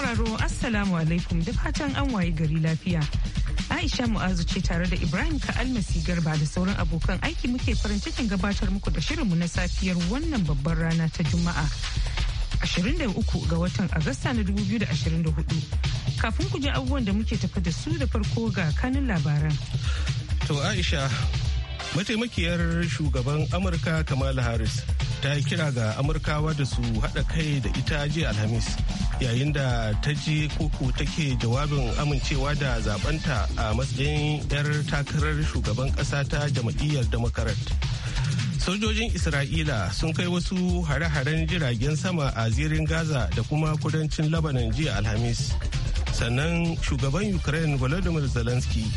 sauraro Assalamu alaikum da fatan an waye gari lafiya. Aisha Mu'azu ce tare da Ibrahim Ka'almasi Garba da sauran abokan aiki muke farin cikin gabatar muku da shirinmu na safiyar wannan babbar rana ta Juma'a. 23 ga watan Agusta na 2024. Kafin ku ji abubuwan da muke tafi da su da farko ga kanin labaran. To Aisha, mataimakiyar shugaban Amurka Kamala Harris ta yi kira ga Amurkawa da su haɗa kai da ita jiya Alhamis yayin da ta ji koko take jawabin amincewa da zabanta a matsayin 'yar takarar shugaban ƙasa ta jam'iyyar democrat sojojin isra'ila sun kai wasu hare-haren jiragen sama a zirin gaza da kuma kudancin labanan jiya alhamis sannan shugaban ukraine volodymyr zelensky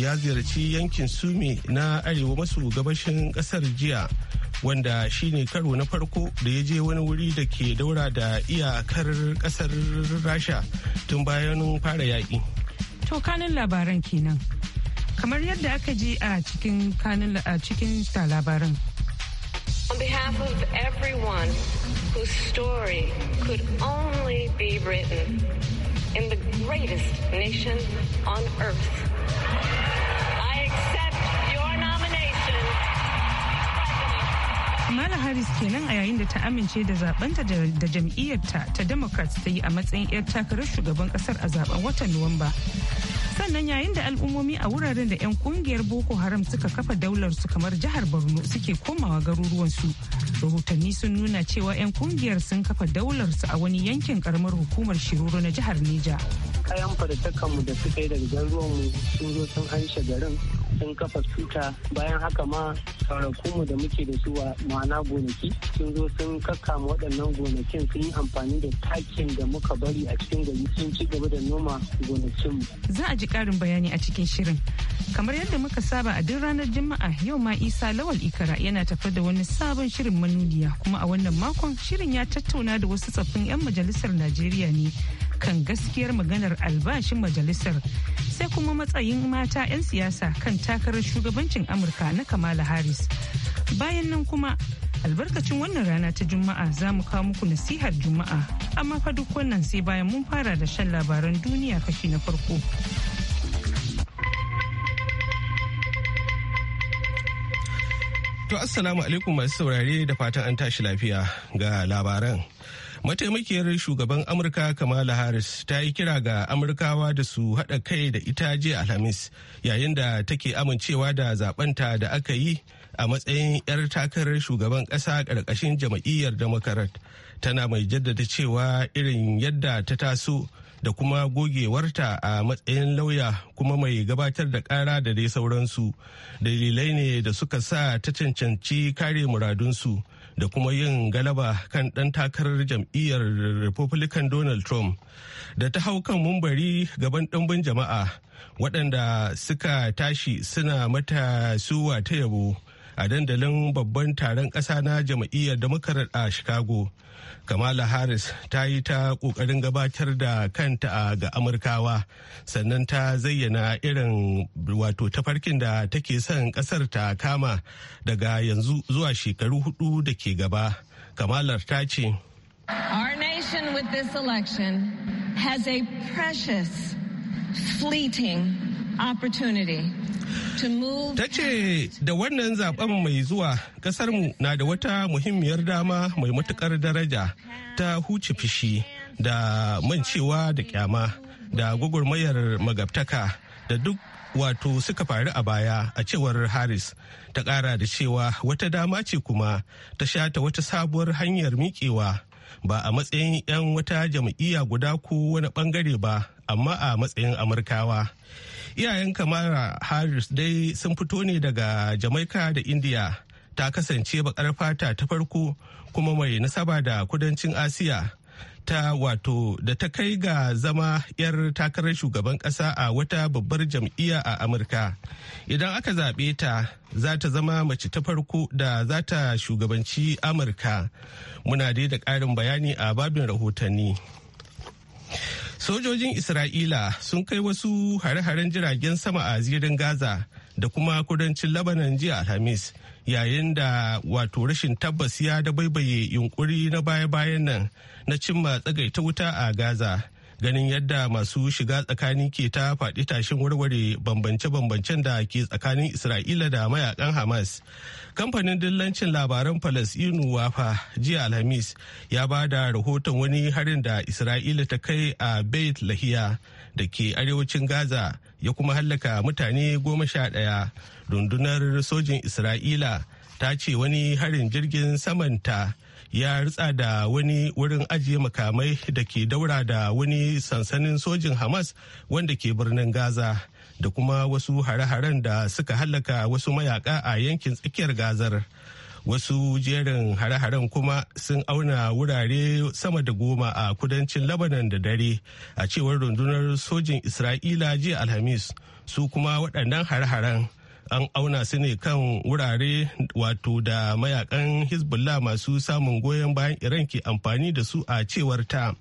ya ziyarci yankin sumi na arewa maso gabashin kasar jiya wanda karo na farko da ya je wani wuri da ke daura da iyakar kasar rasha tun bayan fara yaƙi. to kanin labaran kenan kamar yadda aka ji a cikin kanin a cikin labaran on behalf of everyone whose story could only be written in the greatest nation on earth Harris kenan a yayin da ta amince da zabanta da jam'iyyarta ta Democrats ta yi a matsayin 'yar takarar shugaban kasar a zaben watan Nuwamba. Sannan yayin da al'ummomi a wuraren da 'yan kungiyar Boko Haram suka kafa daular su kamar jihar Borno suke komawa garuruwan su Rahotanni sun nuna cewa 'yan kungiyar sun kafa daular su a wani yankin karamar hukumar Shiroro na jihar Neja. Kayan fadatakanmu da suka yi daga mu sun zo sun hanshe garin sun kafa tuta bayan haka ma mu da muke da su ma'ana gonaki sun zo sun kakkama waɗannan gonakin sun yi amfani da takin da muka bari a cikin gari sun ci gaba da noma gonakin Za a ji ƙarin bayani a cikin shirin. Kamar yadda muka saba a duk ranar Juma'a yau ma Isa Lawal Ikara yana tafar da wani sabon shirin manuniya kuma a wannan makon shirin ya tattauna da wasu tsaffin 'yan majalisar Najeriya ne kan gaskiyar maganar albashin majalisar sai kuma matsayin mata 'yan siyasa kan takarar shugabancin amurka na kamala harris bayan nan kuma albarkacin wannan rana ta juma'a za mu kawo muku nasihar juma'a amma fa duk wannan sai bayan mun fara da shan labaran duniya kashi na farko To assalamu alaikum masu saurare da fatan an tashi lafiya ga labaran. mataimakiyar shugaban amurka kamala harris ta yi kira ga amurkawa da su haɗa kai da ita jiya alhamis yayin da take amincewa da zabanta da aka yi a matsayin 'yar takarar shugaban ƙasa ƙarƙashin jam'iyyar democrat tana mai jaddada cewa irin yadda ta taso da kuma gogewarta a matsayin lauya kuma mai gabatar da ƙara da dai sauransu dalilai ne da suka sa ta cancanci kare muradunsu da kuma yin galaba kan ɗan takarar jam'iyyar republican donald trump da ta hau kan mumbari gaban ɗimbin jama'a waɗanda suka tashi suna mata suwa ta yabo a dandalin babban taron ƙasa na jam'iyyar Democrat a Chicago. Kamala Harris ta yi ta ƙoƙarin gabatar da kanta ga Amurkawa sannan ta zayyana irin wato tafarkin da take son ƙasar ta kama daga yanzu zuwa shekaru hudu da ke gaba. Kamalar ta ce, Our nation with this election has a precious, fleeting Ta ce da wannan zaben mai zuwa ƙasarmu na da wata muhimmiyar dama mai matukar daraja ta huce fishi da mancewa da kyama da gwagwarmayar magabtaka da duk wato suka faru a baya a cewar harris ta kara da cewa wata dama ce kuma ta shata wata sabuwar hanyar miƙewa ba a matsayin 'yan wata jam'iyya guda ko wani bangare ba amma a matsayin amurkawa iyayen kamara harris dai sun fito ne daga jamaika da india ta kasance bakar fata ta farko kuma mai nasaba da kudancin asiya ta wato da ta kai ga zama 'yar takarar shugaban kasa a wata babbar jam'iyya a amurka idan aka zaɓe ta za ta zama mace ta farko da za ta shugabanci amurka muna dai da ƙarin bayani a babin rahotanni Sojojin Isra'ila sun kai wasu hare-haren jiragen sama a zirin Gaza da kuma kudancin Labanan jiya Alhamis yayin da wato rashin tabbas ya da baibaye yunkuri na baya-bayan nan na cimma tsagaita wuta a Gaza ganin yadda masu shiga tsakani ke ta faɗi tashin warware bambance-bambancen da ke tsakanin isra'ila da mayakan hamas kamfanin dillancin labaran falasinu wafa jiya alhamis ya ba da rahoton wani harin da isra'ila ta kai a beit lahiya da ke arewacin gaza ya kuma hallaka mutane goma sha ɗaya rundunar sojin isra'ila ta ce wani harin jirgin samanta ya ritsa da wani wurin ajiye makamai da ke daura da wani sansanin sojin hamas wanda ke birnin gaza da kuma wasu hare-haren da suka hallaka wasu mayaka a yankin tsakiyar gazar wasu jerin hare-haren kuma sun auna wurare sama da goma a kudancin labanan da dare a cewar rundunar sojin isra'ila jiya alhamis su kuma waɗannan hare-haren an auna su ne kan wurare wato da mayakan hezbollah masu samun goyon bayan iran ke amfani da su a cewar ta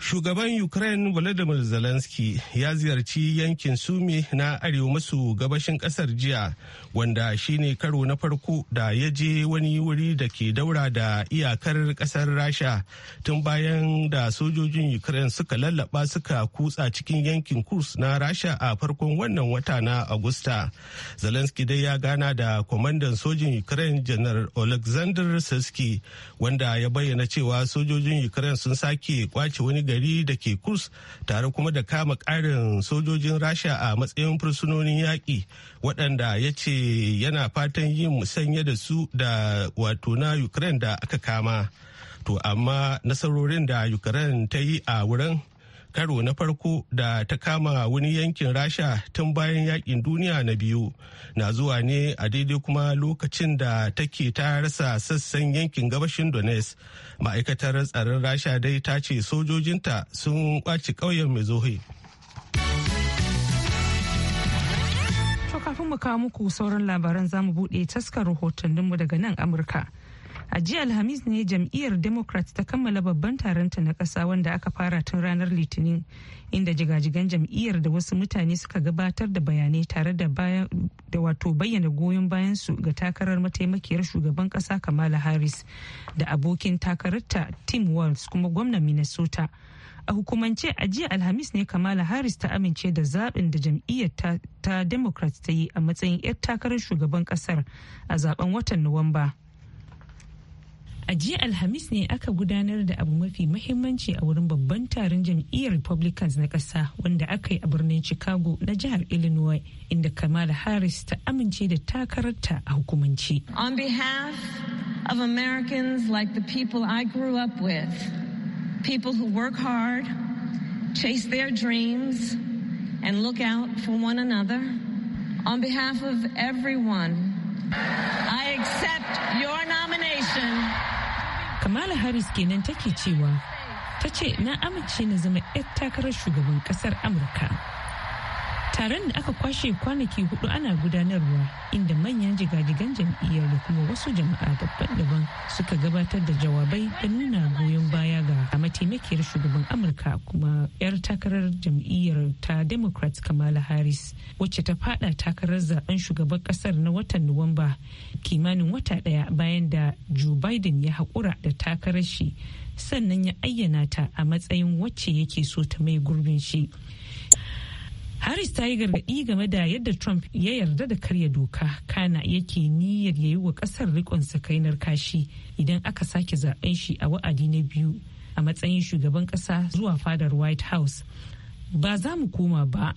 Shugaban Ukraine Volodymyr Zelensky ya ziyarci yankin Sumi na arewa maso gabashin kasar jiya wanda shine karo na farko da ya je wani wuri da ke daura da iyakar kasar Rasha tun bayan da sojojin Ukraine suka lallaba suka kutsa cikin yankin Kurs na Rasha a farkon wannan wata na Agusta. Zelensky dai ya gana da kwamandan sojin Ukraine general Alexander Sersky wanda ya bayyana cewa sojojin Ukraine sun sake kwace wani gari da ke kurs tare kuma da kama ƙarin sojojin rasha a matsayin fursunonin yaƙi waɗanda ya ce yana fatan yin musanya da su da wato na ukraine da aka kama to amma nasarorin da ukraine ta yi a wurin karo na farko da ta kama wani yankin rasha tun bayan yakin duniya na biyu na zuwa ne a daidai kuma lokacin da take ta rasa sassan yankin gabashin donetsk ma'aikatar tsaron rasha dai ta ce sojojinta sun kwaci ƙauyen mai mezohi kafin mu kawo muku sauran labaran zamu bude taskar rahotanninmu daga nan amurka a jiya alhamis ne jam'iyyar democrat ta kammala babban taronta na kasa wanda aka fara tun ranar litinin inda jigajigan jam'iyyar da wasu mutane suka gabatar da bayanai tare da wato bayyana goyon bayansu ga takarar mataimakiyar shugaban kasa kamala harris da abokin takararta tim walz kuma gwamnan minnesota a hukumance a jiya alhamis ne kamala harris ta amince da zaɓin da jam'iyyar ta democrat ta yi a matsayin 'yar takarar shugaban ƙasar a zaben watan nuwamba. a jiya alhamis ne aka gudanar da abu mafi mahimmanci a wurin babban taron jam'iyyar republicans na ƙasa wanda aka yi a birnin chicago na jihar illinois inda kamala harris ta amince da takararta a hukumanci on behalf of americans like the people i grew up with people who work hard chase their dreams and look out for one another on behalf of everyone I accept your nomination Kamala Harris kenan take cewa ta ce na amince na zama 'yar takarar shugaban ƙasar Amurka. taron da aka kwashe kwanaki hudu ana gudanarwa inda manyan jigajigan jam'iyyar da kuma wasu jama'a daban-daban suka gabatar da jawabai da nuna goyon baya ga a mataimakiyar shugaban amurka kuma 'yar takarar jam'iyyar ta democrat kamala harris wacce ta fada takarar zaben shugaban kasar na watan nuwamba kimanin wata daya bayan da joe biden ya haƙura da takarar shi sannan ya ayyana ta a matsayin wacce yake so ta mai gurbin shi Harris ta yi gargaɗi game da yadda Trump ya yarda da karya doka kana yake niyyar ya yi wa ƙasar rikon sakainar kashi idan aka sake zaben shi a wa'adi na biyu a matsayin shugaban ƙasa zuwa fadar White House. Ba za mu koma ba.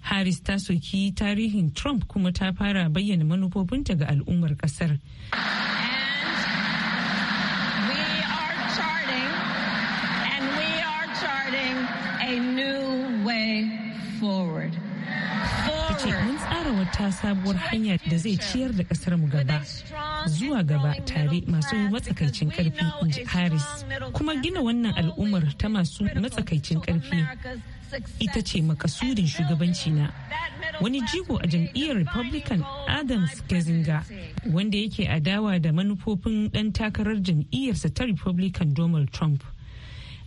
Harris ta soki tarihin Trump kuma ta fara bayyana manufofinta ga al'ummar ƙasar. forward. Ta ce mun tsara wata sabuwar hanya da zai ciyar da kasar mu gaba zuwa gaba tare masu matsakaicin karfi ji Harris kuma gina wannan al'ummar ta masu matsakaicin karfi ita ce makasudin shugabanci na wani jigo a jam'iyyar Republican Adams Kezinga wanda yake adawa da manufofin ɗan takarar jam'iyyarsa ta Republican Donald Trump.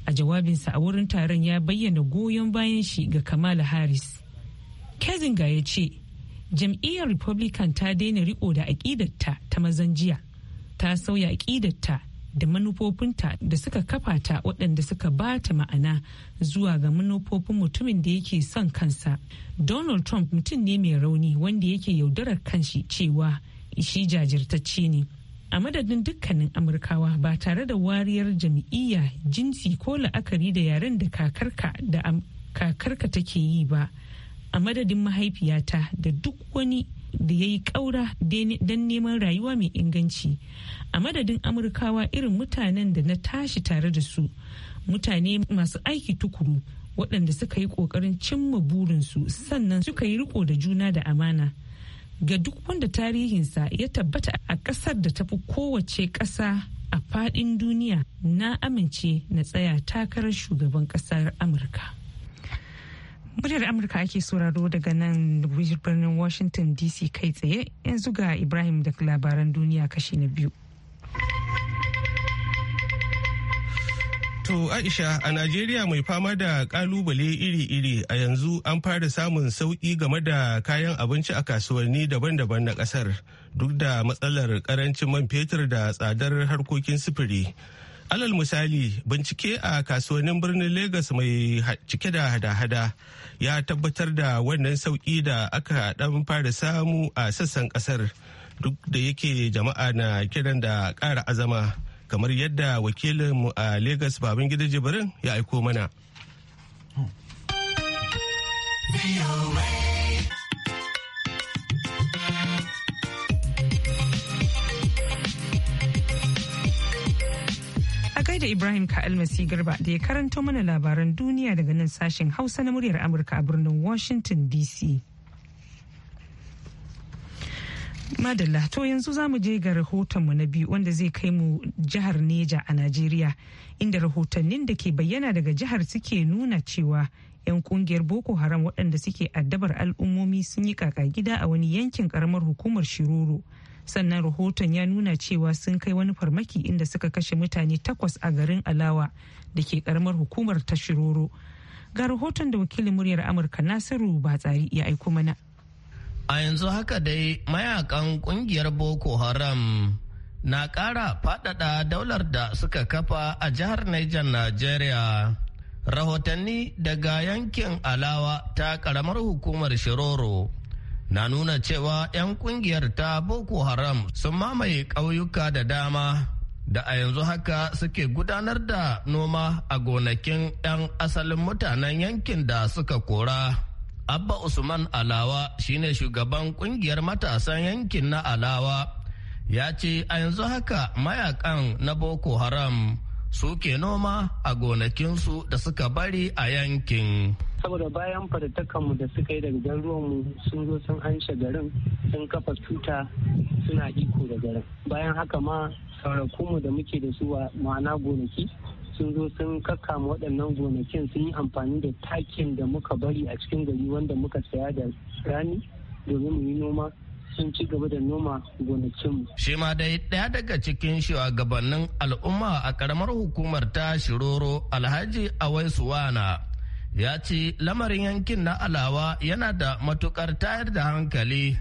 a jawabinsa a wurin taron ya bayyana goyon bayan shi ga kamala harris kezinga ya ce jam'iyyar republican ta daina riko da aƙidarta ta mazan jiya ta sauya aƙidarta da manufofinta da suka kafa ta waɗanda suka ba ta ma'ana zuwa ga manufofin mutumin da yake son kansa donald trump mutum ne mai rauni wanda yake yaudarar kanshi cewa shi jajirtacce ne a madadin dukkanin amurkawa ba tare da wariyar jam'iyya jinsi ko la'akari da yaren da kakarka da take yi ba a madadin mahaifiyata da duk wani da ya yi ƙaura don neman rayuwa mai inganci a madadin amurkawa irin mutanen da na tashi tare da su mutane masu aiki tukuru waɗanda suka yi ƙoƙarin cimma burinsu sannan suka yi riko da juna da amana ga duk wanda tarihinsa ya tabbata a ƙasar da tafi kowace ƙasa a faɗin duniya na amince na tsaya takarar shugaban ƙasar amurka muryar amurka ake sauraro daga nan birnin washington dc kai tsaye yanzu ga ibrahim da labaran duniya kashi na biyu To Aisha a Najeriya mai fama da kalubale iri-iri a yanzu an fara samun sauƙi game da kayan abinci a kasuwanni daban-daban na ƙasar duk da matsalar ƙarancin man fetur da tsadar harkokin sufuri. Alal misali bincike a kasuwannin birnin Legas mai cike da hada-hada ya tabbatar da wannan sauƙi da aka ɗan fara samu a sassan ƙasar duk da yake jama'a na kiran da ƙara azama. kamar yadda wakilin mu a Legas Babangida Jibrin ya aiko mana. da Ibrahim Ka'almasi Garba da ya karanto mana labaran duniya daga nan sashen Hausa na muryar Amurka a birnin Washington DC. Madalla to yanzu za mu je ga rahotonmu na biyu wanda zai kai mu jihar Neja a Najeriya inda rahotannin da ke bayyana daga jihar suke nuna cewa 'yan kungiyar Boko Haram waɗanda suke addabar al'ummomi sun yi kaka gida a wani yankin karamar hukumar Shiroro. Sannan rahoton ya nuna cewa sun kai wani farmaki inda suka kashe mutane takwas a garin Alawa da ke karamar hukumar ta Shiroro. Ga rahoton da wakilin muryar Amurka Nasiru Batsari ya aiko mana. A yanzu haka dai mayakan kungiyar Boko Haram na ƙara faɗaɗa daular da suka kafa a jihar Niger Najeriya. Rahotanni daga yankin Alawa ta ƙaramar hukumar Shiroro na nuna cewa 'yan kungiyar ta Boko Haram sun mamaye ƙauyuka da dama da a yanzu haka suke gudanar da noma a gonakin 'yan asalin mutanen yankin da suka kora. Abba Usman Alawa shine shugaban kungiyar matasan yankin na Alawa ya ce a yanzu haka mayakan na Boko Haram suke noma a gonakinsu da suka bari a yankin. saboda bayan fadatakanmu da suka yi daga mu sun zo sun anshe garin sun kafa tuta suna iko da garin bayan haka ma saurakunmu da muke da su ma'ana gonaki sun zo sun kakkama waɗannan gonakin sun yi amfani da takin da muka bari a cikin gari wanda muka saya da rani domin mu yi noma sun ci gaba da noma gonakinmu. Shi ma dai ɗaya daga cikin shugabannin al'umma a ƙaramar hukumar ta Shiroro Alhaji Awai Suwana ya ce lamarin yankin na Alawa yana da matukar tayar da hankali.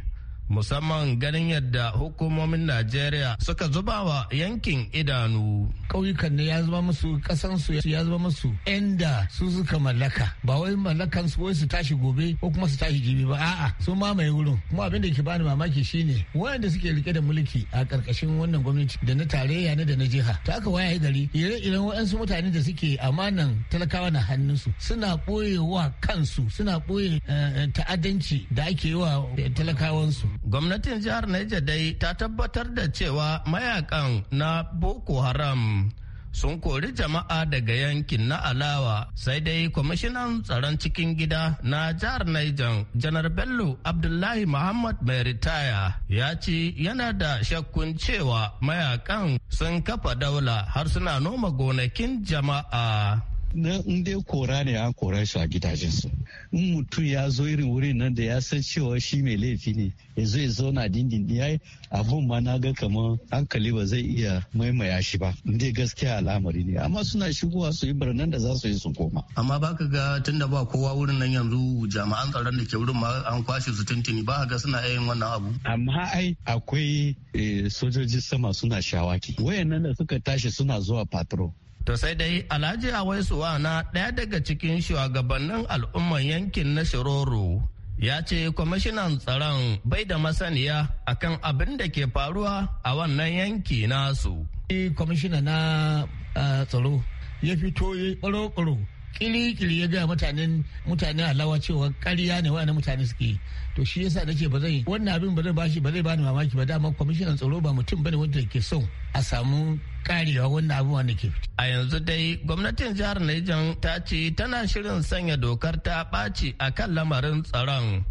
musamman ganin yadda hukumomin Najeriya suka zuba wa yankin idanu. Ƙauyukan ne ya zama musu ƙasansu ya zama musu inda su suka mallaka ba wai mallakan su wai su tashi gobe ko kuma su tashi jibi ba a'a sun mamaye wurin kuma abin da ke bani mamaki shine wayanda suke rike da mulki a ƙarƙashin wannan gwamnati da na tarayya ne da na jiha ta aka waya gari ire-iren wa'ansu mutane da suke amanan talakawa na hannunsu suna ɓoyewa kansu suna ɓoye eh, eh, ta'addanci da ake yi wa eh, talakawansu Gwamnatin jihar Niger dai ta tabbatar da cewa mayakan na Boko Haram sun kori jama'a daga yankin na Alawa sai dai kwamishinan tsaron cikin gida na jihar Niger Janar Bello Abdullahi Muhammad mai ritaya ya ce yana da shakkun cewa mayakan sun kafa daula har suna noma gonakin jama'a. na in dai kora ne an kora shi a gidajensu in mutum ya zo irin wurin nan da ya san cewa shi mai laifi ne ya zo ya zauna dindin ya yi abun ma na ga kamar hankali ba zai iya maimaya shi ba in dai gaskiya al'amari ne amma suna shigowa su yi barnan da za su yi su koma. amma baka ga tun da ba kowa wurin nan yanzu jami'an tsaron da ke wurin ma an kwashe su tuntuni ba ga suna yin wannan abu. amma ai akwai eh, sojoji sama suna shawaki wayannan da suka tashi suna zuwa patrol To sai dai Alhaji Awaisuwa na ɗaya daga cikin shugabannin al'umman yankin na Shiroro ya ce kwamishinan tsaron bai da masaniya akan abin da ke faruwa a wannan yanki nasu. Kwamishina na eh, tsaro ya fito ya yi ɓaro kili-kili ya gaya mutanen a alawa cewa ƙarya ne wa'annan mutane suke to shi yasa nace ba zai wannan abin ba zai bashi ba zai bani mamaki ba dama kwamishinan tsaro ba mutum bane wanda ke son a samu karewa wannan abin wanda ke a yanzu dai gwamnatin jihar Niger ta ce tana shirin sanya dokar ta ɓaci a kan lamarin tsaron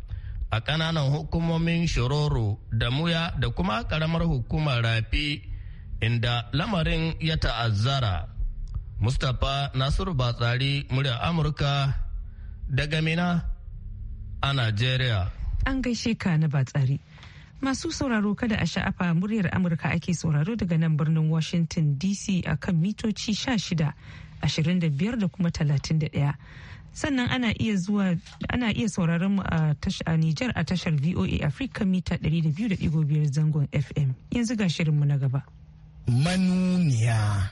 a ƙananan hukumomin shiroro da muya da kuma ƙaramar hukumar rafi inda lamarin ya ta'azzara Mustapha Nasiru Batsari murya Amurka daga Mina a Najeriya. An gaishe ka na Batsari. Masu sauraro kada a sha'afa muryar Amurka ake sauraro daga nan birnin Washington DC a kan mitoci 16, ashirin da kuma 31. Sannan ana iya ana iya sauraron mu a Nijar a tashar VOA Africa mita 200.5 zangon FM. Yanzu ga shirinmu na gaba. Manuniya.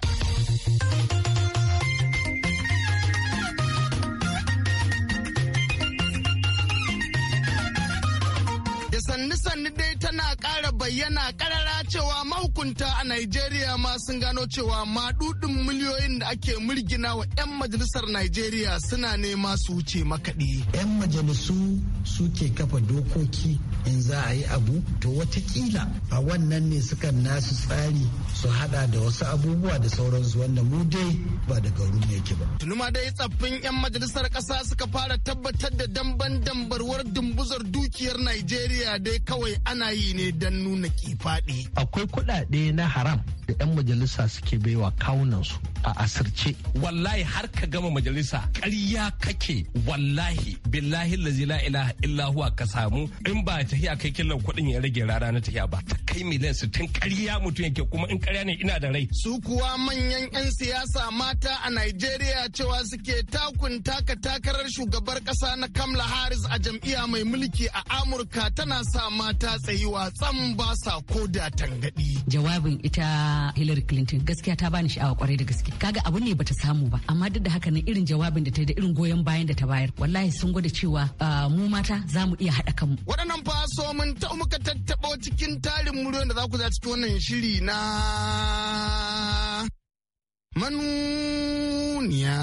da sannu-sannu dai tana ƙara bayyana ƙarara cewa mahukunta a Najeriya ma sun gano cewa maɗuɗin miliyoyin da ake murgina wa 'yan majalisar Najeriya suna nema su wuce makaɗi. 'Yan majalisu suke kafa dokoki in za a yi abu to watakila a wannan ne suka nasu tsari su haɗa da wasu abubuwa da sauransu wanda mu dai ba da garu ne yake ba. Tunuma dai tsaffin 'yan majalisar ƙasa suka fara tabbatar da damban dambarwar dumbuzar dukiyar Najeriya tsaya dai kawai ana yi ne don nuna kifaɗi. Akwai kuɗaɗe na haram da 'yan majalisa suke baiwa kawunansu a asirce. Wallahi har ka gama majalisa ƙarya kake wallahi billahi lazi la ilaha illa ka samu in ba hiya kai killar kuɗin ya rage rara na ta ba ta kai miliyan sittin ƙarya mutum yake kuma in ƙarya ne ina da rai. Su kuwa manyan 'yan siyasa mata a Najeriya cewa suke takun taka takarar shugabar ƙasa na Kamala Harris a jam'iyya mai mulki a Amurka tana sa mata tsayi tsam ba sa ko da tangadi. Jawabin ita Hillary Clinton gaskiya ta bani sha'awa kwarai da gaske. Kaga abu ne bata samu ba amma duk da haka nan irin jawabin da ta da irin goyon bayan da ta bayar wallahi sun gwada cewa ah, mu mata za mu iya haɗa kanmu. Waɗannan fa so mun ta muka tattaɓo cikin tarin muryoyin da za ku za cikin wannan shiri na manuniya.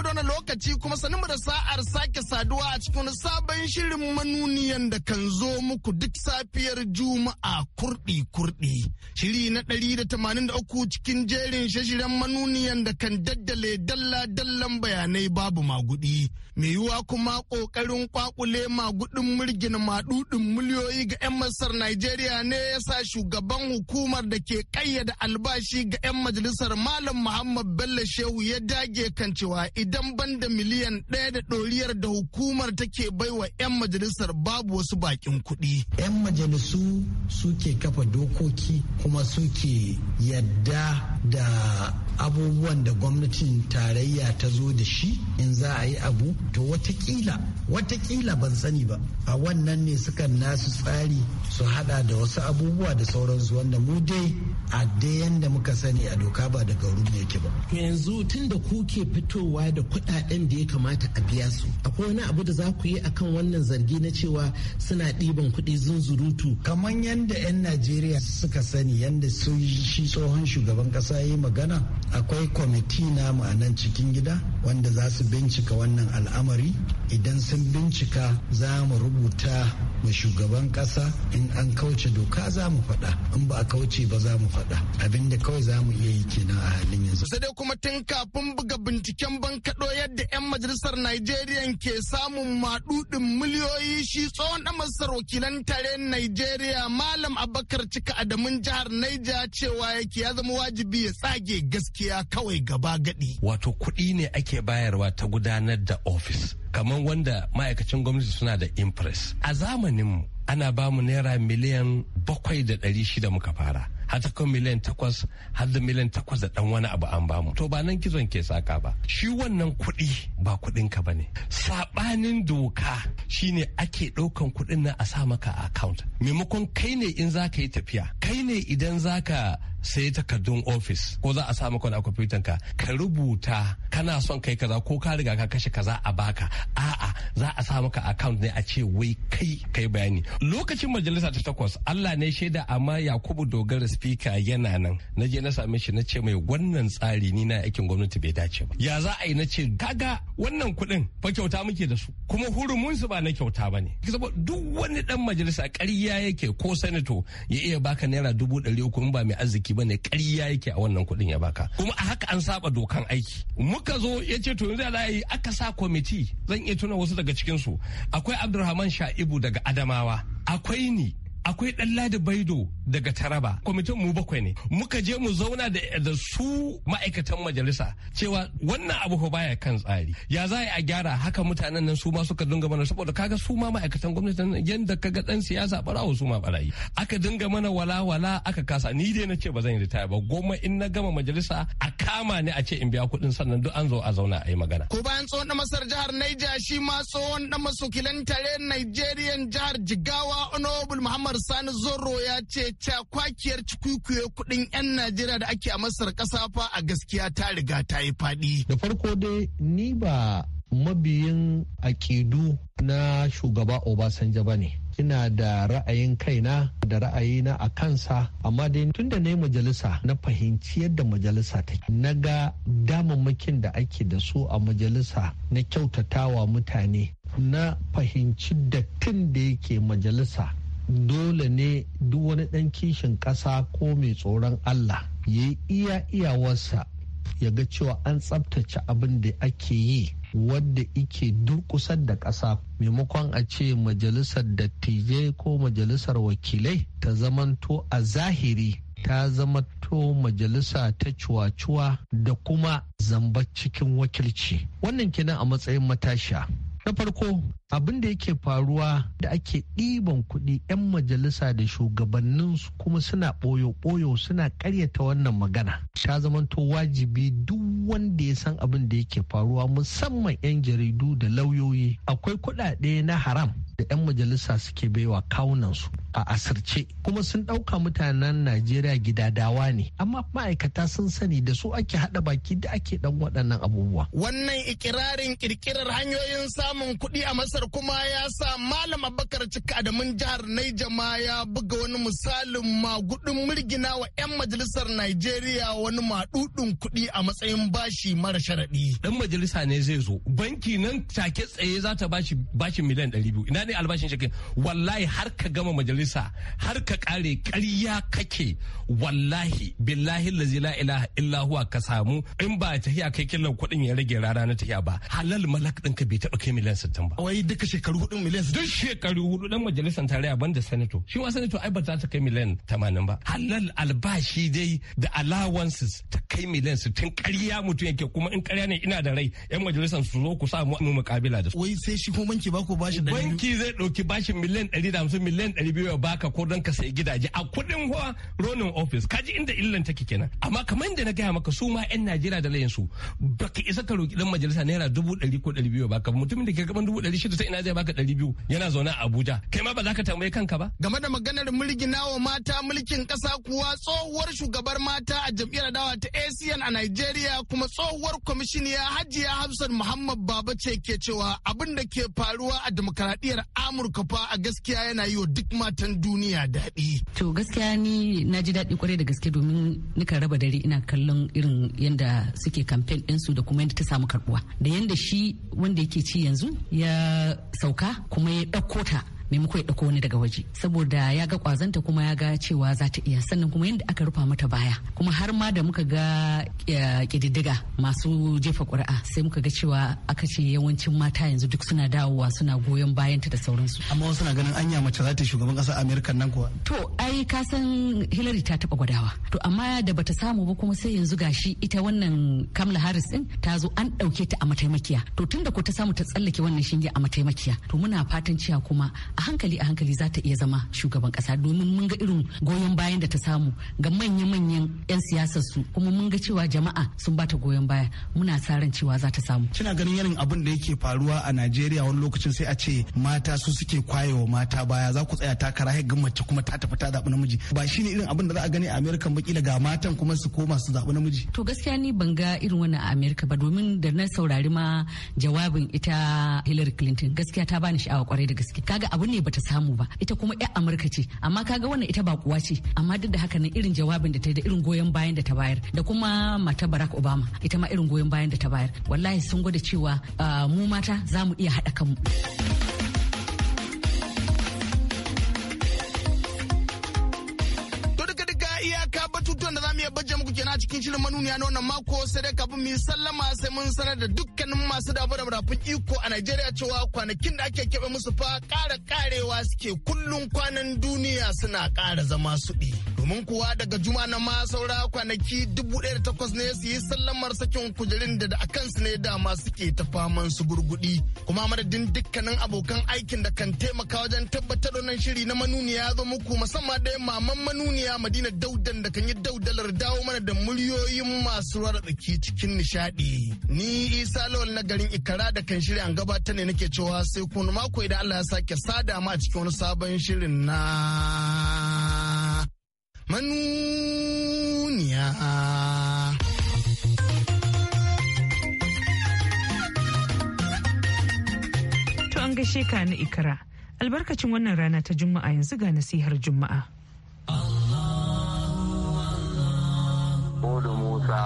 mu da wani lokaci kuma sanin mu da sa'ar sake saduwa a cikin wani sabon shirin manuniyan da kan zo muku duk safiyar juma'a kurɗi kurɗi Shiri na ɗari da tamanin da uku cikin jerin shashiren manuniyan da kan daddale dalla-dallan bayanai babu magudi. Mai yiwuwa kuma ƙoƙarin kwakule magudin murgin maɗuɗin miliyoyi ga 'yan Masar Najeriya ne ya sa shugaban hukumar da ke ƙayyada albashi ga 'yan majalisar Malam Muhammad Bello Shehu ya dage kan cewa idan ban da miliyan ɗaya da ɗoriyar da hukumar take baiwa 'yan majalisar babu wasu bakin kuɗi. 'Yan majalisu suke kafa dokoki kuma suke yadda da abubuwan da gwamnatin tarayya ta zo da shi in za a yi abu to watakila watakila ban sani ba a wannan ne suka nasu tsari su hada da wasu abubuwa da sauransu wanda mu dai a dayan da muka sani a doka ba daga wurin yake ba. yanzu tun da ku ke fitowa da kuɗaɗen da ya kamata a biya su akwai wani abu da za ku yi akan wannan zargi na cewa suna ɗiban kuɗi zunzurutu. kamar yadda 'yan najeriya suka sani yadda shi tsohon shugaban ƙasa ya magana akwai kwamiti na ma'anan cikin gida wanda za su bincika wannan al'amari idan sun bincika za mu rubuta da shugaban kasa in an kauce doka za mu faɗa in ba a kauce ba za mu faɗa abinda kawai za mu iya yi kenan a halin yanzu. sai dai kuma tun kafin buga binciken bankaɗo yadda 'yan majalisar Najeriya ke samun maɗuɗin miliyoyi shi tsohon ɗan masar wakilan tare Najeriya Malam Abakar Cika Adamun jihar Niger cewa yake ya zama wajibi ya tsage gaskiya kawai gaba gadi. Wato kuɗi ne ake bayarwa ta gudanar da ofis. kamar wanda ma'aikacin gwamnati suna da impress a zamaninmu ana ba mu naira miliyan bakwai da ɗari shida muka fara har ta miliyan takwas har da miliyan takwas da ɗan wani abu an bamu to ba nan gizon ke saka ba shi wannan kuɗi ba kuɗin ka bane saɓanin doka shine ake ɗaukan kuɗin nan a sa maka account maimakon kai ne in za ka yi tafiya kai ne idan za ka sai takardun ofis ko za a samu a kwamfutan ka ka rubuta kana son kai kaza ko ka riga ka kashe kaza a baka a'a za a sa maka account ne a ce wai kai kai bayani lokacin majalisa ta takwas Allah ne shaida amma Yakubu Dogara speaker yana nan na je na same shi na ce mai wannan tsari ni na aikin gwamnati bai dace ba ya za a yi na ce kaga wannan kuɗin fa kyauta muke da su kuma hurumin su ba na kyauta ba ne duk wani dan majalisa karya yake ko sanato ya iya baka naira dubu ɗari uku in ba mai arziki aiki bane ƙarya yake a wannan kuɗin ya baka kuma a haka an saba dokan aiki muka zo ya ce to yanzu za yi aka sa kwamiti zan iya tuna wasu daga cikinsu su akwai Abdulrahman Sha'ibu daga Adamawa akwai ni akwai ɗan Lada baido daga taraba kwamitin mu bakwai ne muka je mu zauna da su ma'aikatan majalisa cewa wannan abu ko baya kan tsari ya za a gyara haka mutanen nan su ma suka dinga mana saboda kaga su ma ma'aikatan gwamnati yadda kaga dan siyasa barawo su ma barayi aka dinga mana wala wala aka kasa ni dai na ce ba zan yi ritaya ba goma in na gama majalisa a kama ni a ce in biya kuɗin sannan duk an zo a zauna a yi magana. ko bayan tsohon na masar jihar naija shi ma tsohon dan masukilan tare nigerian jihar jigawa honorable muhammad Umar Sani Zorro ya ce kwakiyar cikuikuye kudin 'yan Najeriya da ake a Masar kasa fa a gaskiya ta riga ta yi faɗi. Da farko dai ni ba mabiyin aƙidu na shugaba Obasanjo ba ne. ina da ra'ayin kaina da ra'ayina a kansa amma dai tun da na yi majalisa na fahimci yadda majalisa ta na ga damammakin da ake da su a majalisa na kyautatawa mutane na fahimci dattin da yake majalisa dole ne duk wani ɗan kishin ƙasa ko mai tsoron Allah ya yi iya iyawarsa ya ga cewa an tsabtace abin da ake yi wadda ike kusa da ƙasa maimakon a ce majalisar dattijai ko majalisar wakilai ta zamanto a zahiri ta zama to majalisa ta cuwa-cuwa da kuma zamba cikin wakilci wannan kenan a matsayin matashiya na farko abin da yake faruwa da ake ɗiban kuɗi 'yan majalisa da shugabannin su kuma suna ɓoyo-ɓoyo suna ƙaryata wannan magana ta zamanto wajibi duk wanda ya san abin da yake faruwa musamman 'yan jaridu da lauyoyi akwai kuɗaɗe na haram da 'yan majalisa suke baiwa kawunansu a asirce kuma sun ɗauka mutanen najeriya dawa ne amma ma'aikata sun sani da su ake haɗa baki da ake ɗan waɗannan abubuwa wannan ikirarin ƙirƙirar hanyoyin samun kuɗi a masa kasar kuma ya sa Malam Abubakar Cika da mun jihar Naija ma ya buga wani misalin magudin mirgina wa 'yan majalisar nigeria wani maɗuɗin kuɗi a matsayin bashi mara sharaɗi. Dan majalisa ne zai zo banki nan take tsaye za ta bashi bashi miliyan ɗari biyu ina ne albashin shi wallahi har ka gama majalisa har ka kare karya kake wallahi billahi la ilaha illahuwa ka samu in ba tahiya kai killan kuɗin ya rage rana na tahiya ba halal malak ɗinka bai taɓa kai miliyan sittin ba. duka shekaru hudu miliyan duk shekaru hudu dan majalisar tarayya banda sanato shi ma sanato ai ba za ta kai miliyan tamanin ba halal albashi dai da allowances ta kai miliyan tun ƙarya mutum yake kuma in ƙarya ne ina da rai yan majalisar su zo ku sa mu mu kabila da su wai sai shi ko banki ba ku bashi da banki zai dauki bashi miliyan 150 miliyan 200 ya baka ko dan ka sayi gidaje a kudin huwa ronin office kaji inda illan take kenan amma kamar yadda na gaya maka su ma yan Najeriya da layin su baka isa ka roki dan majalisa naira dubu ɗari ko ɗari biyu baka mutumin da ke gaban dubu ɗari shida sai ina zai baka ɗari biyu yana zaune a abuja kai ma ba za ka tambayi kanka ba game da maganar mulginawa mata mulkin ƙasa kuwa tsohuwar shugabar mata a jam'iyyar dawa ta acn a nigeria kuma tsohuwar kwamishiniya hajiya hafsat muhammad baba ce ke cewa abin da ke faruwa a demokaradiyyar amurka fa a gaskiya yana yi wa duk matan duniya daɗi to gaskiya ni na ji daɗi kwarai da gaske domin nika raba dare ina kallon irin yadda suke kamfen ɗinsu da kuma yadda ta samu karɓuwa da yadda shi wanda yake ci yanzu ya sauka kuma ya ɗauko ta maimakon ya ɗauko wani daga waje saboda ya ga kwazanta kuma ya ga cewa za ta iya sannan kuma yadda aka rufa mata baya kuma har ma da muka ga eh, ƙididdiga masu jefa ƙuri'a sai muka ga cewa aka ce yawancin mata yanzu duk suna dawowa suna goyon bayanta da sauransu amma wasu na ganin anya mace za ta shugaban ƙasar amerika nan kuwa to ai ka san hillary ta taɓa gwadawa to amma da bata samu ba kuma sai yanzu gashi ita wannan kamala harris ɗin ta zo an ɗauke ta a mataimakiya to tunda ko ta samu ta tsallake wannan shinge a mataimakiya to muna fatan cewa kuma a hankali a hankali za ta iya zama shugaban kasa domin mun ga irin goyon bayan da ta samu ga manya-manyan 'yan siyasar su kuma mun ga cewa jama'a sun bata goyon baya muna sa ran cewa za ta samu kina ganin irin abin da yake faruwa a Najeriya wani lokacin sai a ce mata su suke kwayewa mata baya za ku tsaya takara ga mace kuma ta tafi ta zaɓi namiji ba shine irin abin da za a gani a Amerika bakila ga matan kuma su koma su zaɓi namiji to gaskiya ni ban ga irin wannan a Amerika ba domin da na saurari ma jawabin ita Hillary Clinton gaskiya ta bani sha'awa kwarai da gaske kaga abin ne bata samu ba ita kuma yar amurka ce amma kaga wannan ita ba kuwa ce amma duk da haka nan irin jawabin da ta da irin goyon bayan da ta bayar da kuma mata barack obama ita ma irin goyon bayan da ta bayar wallahi sun gwada cewa ah, mu mata za mu iya haɗa kanmu. cikin shirin manuniya na wannan mako sai dai kafin mu sallama sai mun sanar da dukkanin masu da rafin iko a Najeriya cewa kwanakin da ake keɓe musu fa ƙara ƙarewa suke kullum kwanan duniya suna ƙara zama suɗi. Mun kuwa daga juma na ma saura kwanaki dubu ɗaya da takwas ne su yi sallamar sakin kujerin da a kansu ne masu suke ta faman su gurgudi kuma madadin dukkanin abokan aikin da kan taimaka wajen tabbatar wannan shiri na manuniya zo muku musamman da maman manuniya madina daudan da kan yi daudalar dawo mana da muryoyin masu rara tsaki cikin nishaɗi ni isa lawal na garin ikara da kan shirya an gabatar ne nake cewa sai kun mako idan Allah ya sake sada ma cikin wani sabon shirin na manuniya. To an gaishe ka na ikira. Albarkacin wannan rana ta Juma'a yanzu ga nasihar Juma'a. Ko da Musa,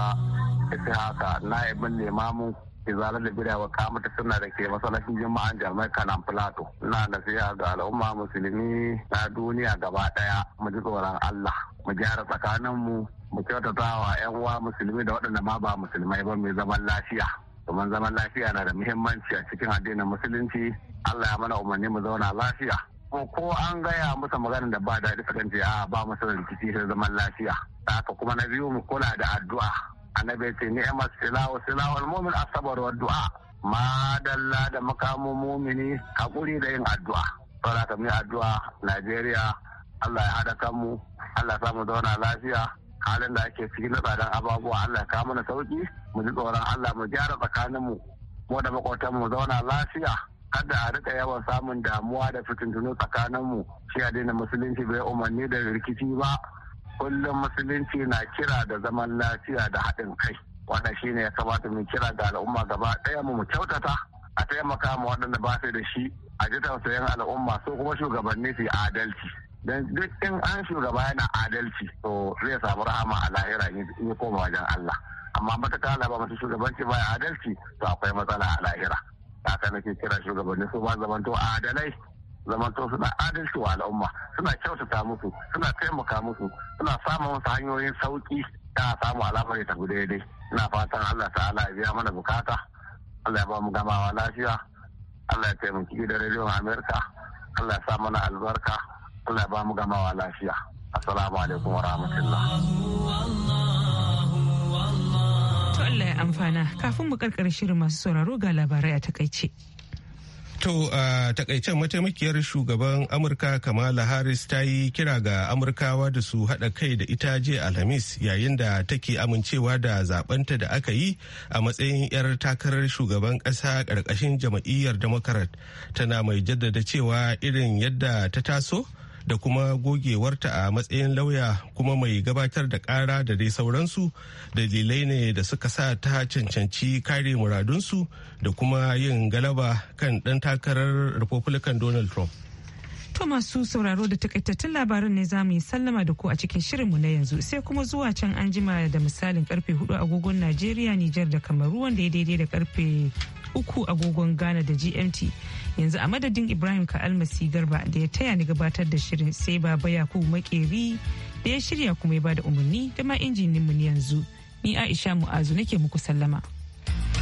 ita haka na ibin limamin izalar da wa kamata suna da ke masallacin jima'an jami'ar kanan plato na nasiha ga al'umma musulmi na duniya gaba daya mu ji tsoron allah mu gyara tsakaninmu mu kyautata wa 'yan uwa musulmi da waɗanda ma ba musulmai ba mai zaman lafiya domin zaman lafiya na da muhimmanci a cikin addinin musulunci allah ya mana umarni mu zauna lafiya ko an gaya masa maganin da ba daɗi sukan ce a ba masa rikici da zaman lafiya haka kuma na biyu mu kula da addu'a annabi ce ni amma silawu silawul mu'min asabar wa du'a ma dalla da makamun mumini hakuri da yin addu'a saboda ka mu addu'a Najeriya Allah ya hada kanmu Allah samu zauna lafiya halin da ake ciki na tsadan ababuwa Allah ya kawo mana sauki mu ji tsoron Allah mu gyara tsakaninmu mu da makwatan mu zauna lafiya kada a rika yawan samun damuwa da fitintunu tsakaninmu shi daina musulunci bai umarni da rikici ba kullum musulunci na kira da zaman lafiya da haɗin kai wannan ne ya kamata mu kira ga al'umma gaba ɗaya mu kyautata a taimaka mu waɗanda ba su da shi a ji tausayin al'umma so kuma shugabanni su adalci dan duk in an shugaba yana adalci to zai samu rahama a lahira in yi koma wajen Allah amma mataka Allah ba masu shugabanci ba adalci to akwai matsala a lahira haka nake kira shugabanni su ba zamanto adalai to suna adalci wa al'umma suna kyautata musu suna taimaka musu suna samun wasu hanyoyin sauki ta samu alamar ta guda daidai ina fatan Allah ta'ala ya biya mana bukata Allah ya ba mu gamawa lafiya Allah ya taimaki da rediyon Amerika Allah ya sa mana albarka Allah ya ba mu gamawa lafiya assalamu alaikum wa rahmatullah to Allah ya amfana kafin mu karkar shirin masu sauraro ga labarai a takaice To a takaicen mataimakiyar shugaban Amurka Kamala Harris ta yi kira ga Amurkawa da su haɗa kai da ita jiya Alhamis yayin da take amincewa da zabanta da aka yi a matsayin 'yar takarar shugaban ƙasa ƙarƙashin jam'iyyar Democrat tana mai jaddada cewa irin yadda ta taso. da kuma gogewarta a matsayin lauya kuma mai gabatar da kara da dai sauransu dalilai ne da suka sa ta cancanci kare muradunsu da kuma yin galaba kan ɗan takarar republican donald trump To masu sauraro da takaitattun labaran ne za mu yi sallama da ku a cikin shirinmu na yanzu sai kuma zuwa can an jima da misalin karfe 4 agogon Najeriya, Nijar da Kamaru wanda ya daidai da karfe 3 agogon Ghana da GMT. yanzu a madadin ibrahim ka'almasi garba da ya taya ni gabatar da shirin sai ba baya yakubu makeri da ya shirya kuma ya bada umarni da ma injininmu yanzu ni aisha mu'azu nake muku sallama.